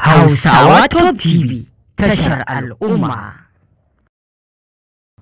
Hausawa Top TV tashar al'umma.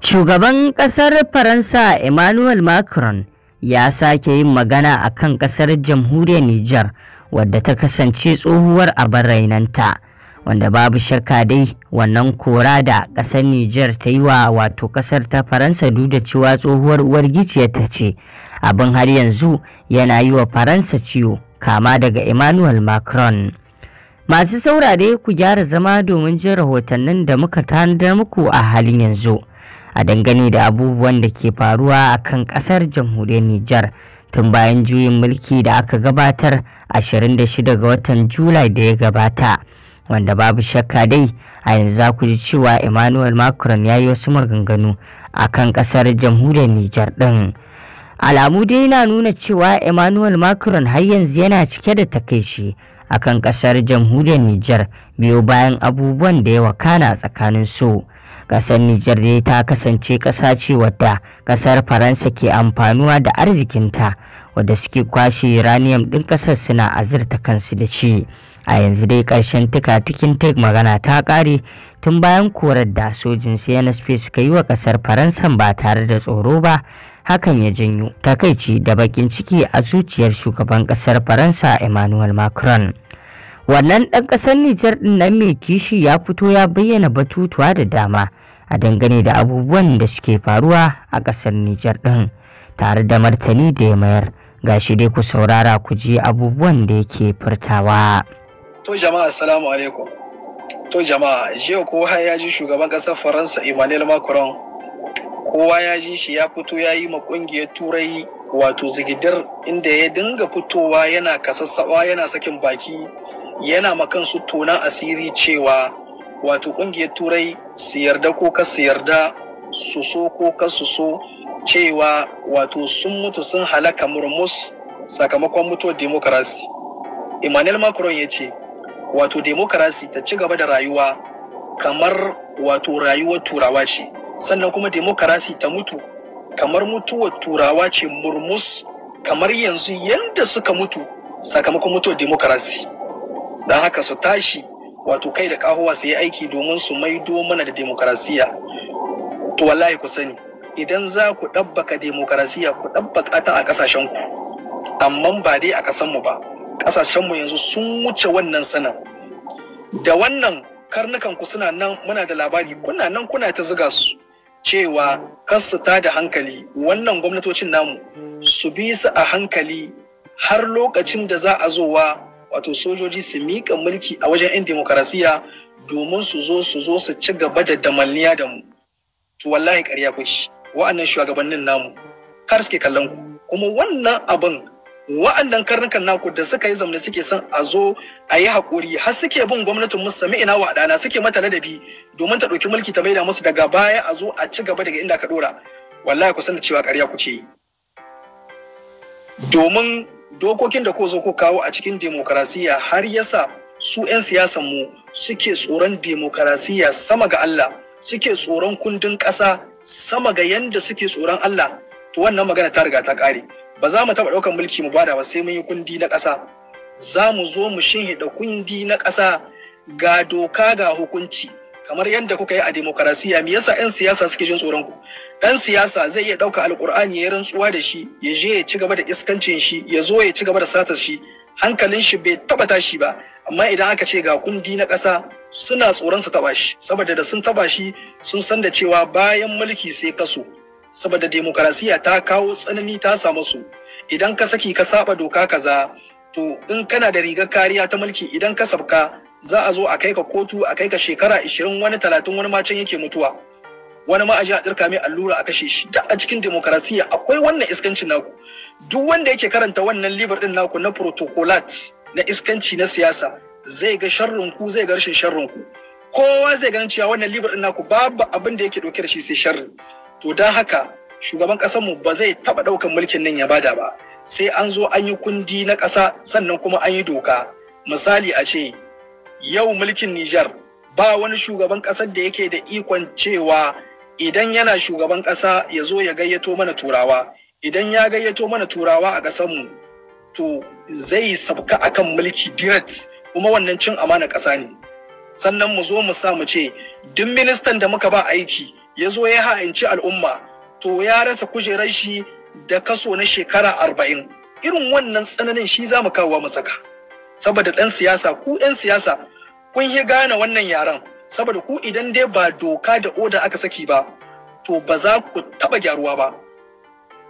Shugaban ƙasar Faransa Emmanuel Macron ya sake yin magana a kan ƙasar jamhuriyar Nijar wadda ta kasance tsohuwar abin rainanta. Wanda babu shakka dai wannan kora da ƙasar Nijar ta yi wa wato ƙasar ta Faransa duk da cewa tsohuwar uwar ta ce abin har yanzu yana yi wa Faransa ciwo kama daga Emmanuel Macron. Masu saurare ku gyara zama domin jin rahotannin da muka tanadar muku a halin yanzu a dangane da abubuwan da ke faruwa a kan ƙasar jamhuriyar Nijar tun bayan juyin mulki da aka gabatar 26 ga watan Julai da ya gabata. Wanda babu shakka dai a yanzu za ku ji cewa Emmanuel Macron ya yi wasu maganganu a kan ƙasar jamhuriyar Nijar ɗin. Alamu dai na nuna cewa Emmanuel Macron har yanzu yana cike da takaici. a kan ƙasar jamhuriyar Nijar biyo bayan abubuwan da ya wakana tsakanin su. Ƙasar Nijar dai ta kasance ƙasa ce wadda ƙasar Faransa ke amfanuwa da arzikinta wadda suke kwashe uranium ɗin ƙasar suna azurta kansu da shi. a yanzu dai ƙarshen tuka-tukin tek magana ta ƙare tun bayan korar da sojin cnsp suka yi wa ƙasar faransa ba tare da tsoro ba hakan ya janyo takaici da bakin ciki a zuciyar shugaban kasar faransa emmanuel macron wannan ɗan ƙasar nijar ɗin nan mai kishi ya fito ya bayyana batutuwa da dama a dangane da abubuwan da suke faruwa a ƙasar nijar ɗin tare da martani da ya mayar ga shi dai ku saurara ku ji abubuwan da yake furtawa. to jama'a assalamu alaikum to jama'a jiya ko har ya ji shugaban ƙasar faransa emmanuel macron kowa ya ji shi ya fito ya yi ma kungiyar turai wato zigidar inda ya dinga fitowa yana kasassawa yana sakin baki yana su tonan asiri cewa wato kungiyar turai su yarda ko ka su yarda su so ko ka su so cewa wato sun mutu sun halaka murmus sakamakon mutuwar demokarasi emmanuel macron ya ce wato demokarasi ta ci gaba da rayuwa kamar wato rayuwar turawa ce sannan kuma demokarasi ta mutu kamar mutuwar turawa ce murmus kamar yanzu yadda suka mutu sakamakon mutuwar demokarasi don haka su tashi wato kai da kahowa su yi aiki domin su maido mana da demokarasiya to wallahi ku sani idan za ku ɗabbaka demokarasiya ku ɗabbaka ta a ƙasashenku amma ba dai a ƙasanmu ba ƙasashenmu yanzu sun wuce wannan sanin da wannan karnukan ku suna nan muna da labari kuna nan kuna ta ziga su cewa kasu ta da hankali wannan gwamnatocin namu su bi su a hankali har lokacin da za a zowa wato sojoji su miƙa mulki a wajen 'yan demokarasiya domin su zo su zo su ci gaba da damalniya da mu to wallahi ƙarya kushi wa'annan shugabannin namu kar suke kallon ku kuma wannan abin wa'annan karnukan naku da suka yi zamani suke son a zo a yi haƙuri har suke bin gwamnatin musu sami ina wa ɗana suke mata ladabi domin ta ɗauki mulki ta maida musu daga baya a zo a ci gaba daga inda ka ɗora wallahi ku sani cewa ƙarya ku ce domin dokokin da ko zo ko kawo a cikin demokarasiya har yasa su 'yan siyasan mu suke tsoron demokarasiya sama ga Allah suke tsoron kundin ƙasa sama ga yanda suke tsoron Allah to wannan magana ta riga ta ƙare ba za mu taɓa ɗaukar mulki mu bada ba sai mun yi kundi na ƙasa za mu zo mu shinhiɗa kundi na ƙasa ga doka ga hukunci kamar yadda kuka yi a demokarasiya me yasa 'yan siyasa suke jin tsoron ku ɗan siyasa zai iya ɗauka alƙur'ani ya rantsuwa da shi ya je ya ci gaba da iskancin shi ya zo ya ci gaba da satar shi hankalin shi bai taɓa tashi ba amma idan aka ce ga kundi na ƙasa suna tsoron su taɓa shi saboda da sun taɓa shi sun san da cewa bayan mulki sai kaso saboda demokarasiya ta kawo tsanani ta samu su idan ka saki ka saba doka kaza to in kana da rigar kariya ta mulki idan ka sabka za a zo a kai ka kotu a kai ka shekara 20 wani 30 wani ma can yake mutuwa wani ma a ji a tsirka mai allura a kashe shi duk a cikin demokarasiya akwai wannan iskancin naku duk wanda yake karanta wannan libar din naku na protocolat na iskanci na siyasa zai ga sharrin ku zai ga rashin sharrin ku kowa zai ganin cewa wannan libar din naku babu abin da yake dauke da shi sai sharri to don haka shugaban mu ba zai taɓa ɗaukan mulkin nan ya bada ba sai an zo an yi kundi na ƙasa sannan kuma an yi doka misali a ce yau mulkin Nijar ba wani shugaban ƙasar da yake da ikon cewa idan yana shugaban ƙasa ya zo ya gayyato mana turawa idan ya gayyato mana turawa a ƙasarmu to zai sabka akan mulki direct kuma wannan cin amana ƙasa ne sannan mu zo mu sa mu ce duk ministan da muka ba aiki ya zo ya ha'inci al'umma to ya rasa kujerar shi da kaso na shekara arba'in irin wannan tsananin shi za mu kawo masaka saboda ɗan siyasa ku 'yan siyasa kun yi gane wannan yaren saboda ku idan dai ba doka da oda aka saki ba to ba za ku taɓa gyaruwa ba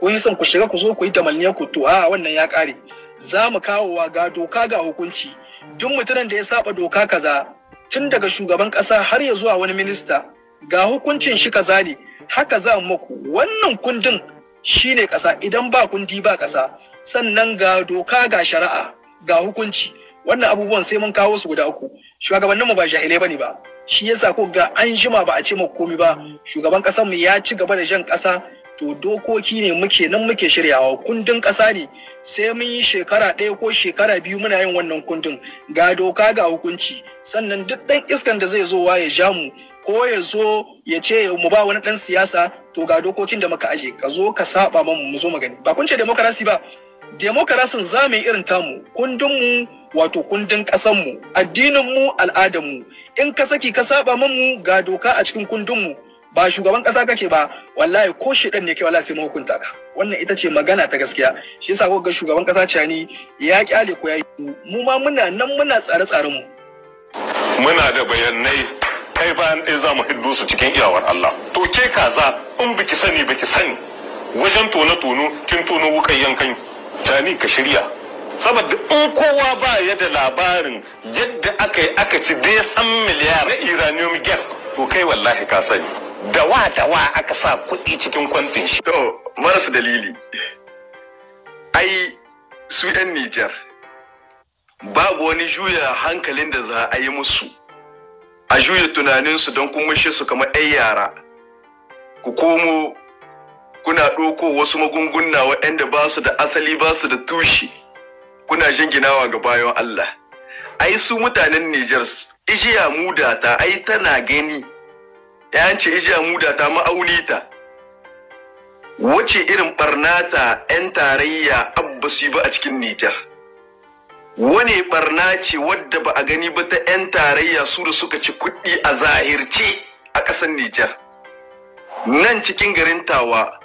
kun yi son ku shiga ku zo ku yi damalniyar ku to a wannan ya ƙare za mu kawo wa ga doka ga hukunci duk mutumin da ya saba doka kaza tun daga shugaban ƙasa har ya zuwa wani minista ga hukuncin shi kaza ne haka za muku wannan kundin shine kasa idan ba kundi ba kasa sannan ga doka ga shari'a ga hukunci wannan abubuwan sai mun kawo su guda uku shugabannin mu ba jahilai bane ba shi yasa ko ga an jima ba a ce muku komi ba shugaban kasan mu ya ci gaba da jan kasa to dokoki ne muke nan muke shiryawa kundin kasa ne sai mun yi shekara ɗaya ko shekara biyu muna yin wannan kundin ga doka ga hukunci sannan duk ɗan iskan da zai zo ya ja mu ko ya zo ya ce mu ba wani dan siyasa to ga dokokin da muka aje ka zo ka saba mu mu zo mu gani ba kun ce demokarasi ba demokarasin za mu yi irin tamu kundin mu wato kundin ƙasan mu addinin mu al'adan mu in ka saki ka saba mu ga doka a cikin kundin mu ba shugaban kasa kake ba wallahi ko shedan ne ke wallahi sai hukunta ka wannan ita ce magana ta gaskiya shi yasa kuka ga shugaban kasa cani ya kyale ko ya yi mu ma muna nan muna tsare-tsaren mu muna da bayanai kai bayan ɗaya za mu hiddu su cikin iyawar Allah to ke kaza in biki sani biki sani wajen tona tono kin tono wukan yankan jani ka shirya saboda in kowa ba ya da labarin yadda aka yi aka ci ya san miliyar na iranium gap to kai wallahi ka sani dawa dawa aka sa kuɗi cikin kwantin shi to maras dalili ai su 'yan Nijar babu wani juya hankalin da za a yi musu a juya tunaninsu don kun mushe su kamar 'yan yara ku komo kuna ɗoko wasu magunguna waɗanda ba su da asali ba su da tushe kuna ginawa ga bayan Allah ai su mutanen Nijar ijiya mudata ai tana gani ya ce ijiya mudata ma'aunita. wace irin ɓarnata 'yan tarayya abbasu ba a cikin Nijar wani barna ce wadda ba a gani ba ta 'yan tarayya su da suka ci kuɗi a zahirce a ƙasar Nijar. Nan cikin garin tawa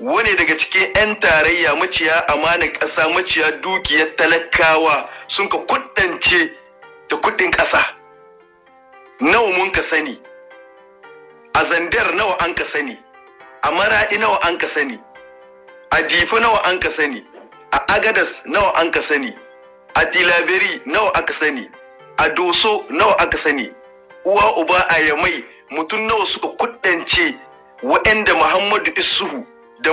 wani daga cikin 'yan tarayya maciya amanar ƙasa maciya dukiyar talakawa sun ka kuɗance da kuɗin ƙasa. Nawa mun ka sani, a zandar nawa an ka sani, a maraɗi nawa an ka sani, a jifi nawa an ka sani, a agadas nawa an ka sani. a tilaberi nawa aka sani a doso nawa aka sani uwa uba a yamai mutum nawa suka kuddance wa'anda muhammadu isuhu da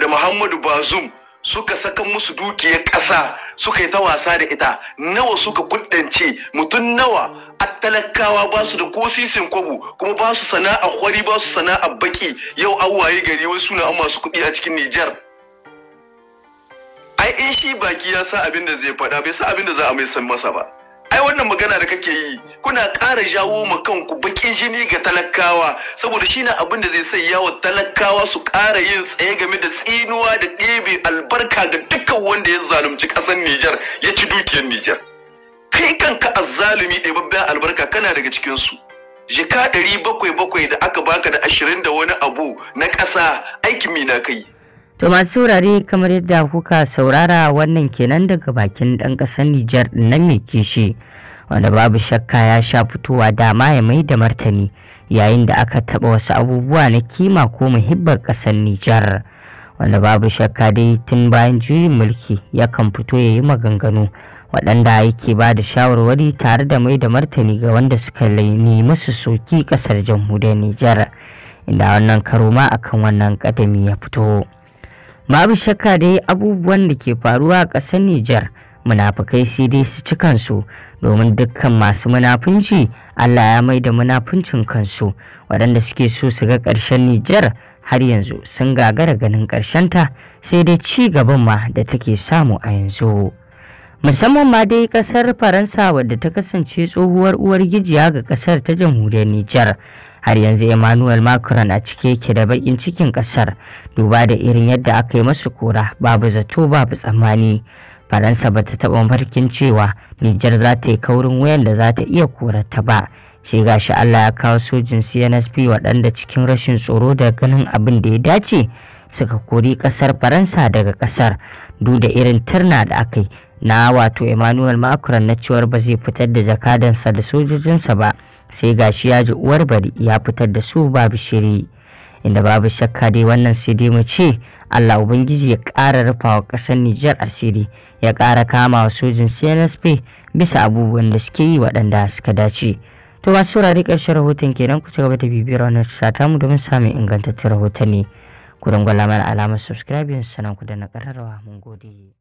da muhammadu bazum suka saka musu dukiyar ƙasa suka yi ta wasa da ita nawa suka kuddance mutum nawa a talakawa ba da kosisin sisin kwabo kuma ba su sana'a kwari ba su sana'a baki yau an waye gari suna na masu kuɗi a cikin Nijar. ai in shi baki ya sa abin da zai faɗa bai sa abin da za a mai san masa ba ai wannan magana da kake yi kuna ƙara jawo ma kanku bakin jini ga talakawa saboda shi na abin da zai sa yawo talakawa su ƙara yin tsaye game da tsinuwa da ɗebe albarka ga dukkan wanda ya zalunci ƙasar Nijar ya ci dukiyar Nijar kai kanka azzalumi ɗebabben albarka kana daga cikin su jika ɗari bakwai bakwai da aka baka da ashirin da wani abu na ƙasa aikin mina kai To masu saurare kamar yadda kuka saurara wannan kenan daga bakin ɗan ƙasar Nijar nan ke shi, wanda babu shakka ya sha fitowa dama ya mai da martani yayin da aka taɓa wasu abubuwa na kima ko muhibbar ƙasar Nijar wanda babu shakka dai tun bayan juyin mulki yakan fito ya yi maganganu waɗanda yake ba da shawarwari tare da mai da martani ga wanda suka nemi su soki ƙasar jamhuriyar Nijar inda wannan karoma akan wannan ƙadami ya fito. babu shakka dai abubuwan da ke faruwa a ƙasar Nijar munafukai sai dai su ci kansu domin dukkan masu munafunci Allah ya mai da munafuncin kansu waɗanda suke so su ga ƙarshen Nijar har yanzu sun gagara ganin ta, sai dai ci gaban ma da take samu a yanzu. musamman ma dai ƙasar faransa wadda ta kasance tsohuwar uwar gijiya ga ƙasar ta jamhuriyar nijar har yanzu emmanuel macron a cike yake da bakin cikin kasar duba da irin yadda aka yi masu kora babu zato babu tsammani faransa ba ta taba mafarkin cewa nijar za ta yi kaurin wayan da za ta iya ta ba sai gashi allah ya kawo sojin cnsp waɗanda cikin rashin tsoro da ganin abin da ya dace suka kori ƙasar faransa daga ƙasar duk da irin turna da aka yi na wato emmanuel macron na cewar ba zai fitar da jakadansa da sojojinsa ba sai gashi ya ji uwar bari ya fitar da su babu shiri inda babu shakka dai wannan sai dai mu ce Allah ubangiji ya ƙara rufawa ƙasar Nijar asiri ya ƙara kama wa sojin CNSP bisa abubuwan da suke yi waɗanda suka dace to masu saurari ƙarshen rahoton kenan ku ci gaba da bibiyar wannan sata mu domin samun ingantaccen rahotanni ku dangwala mana alamar subscribe sannan ku da na ƙararrawa mun gode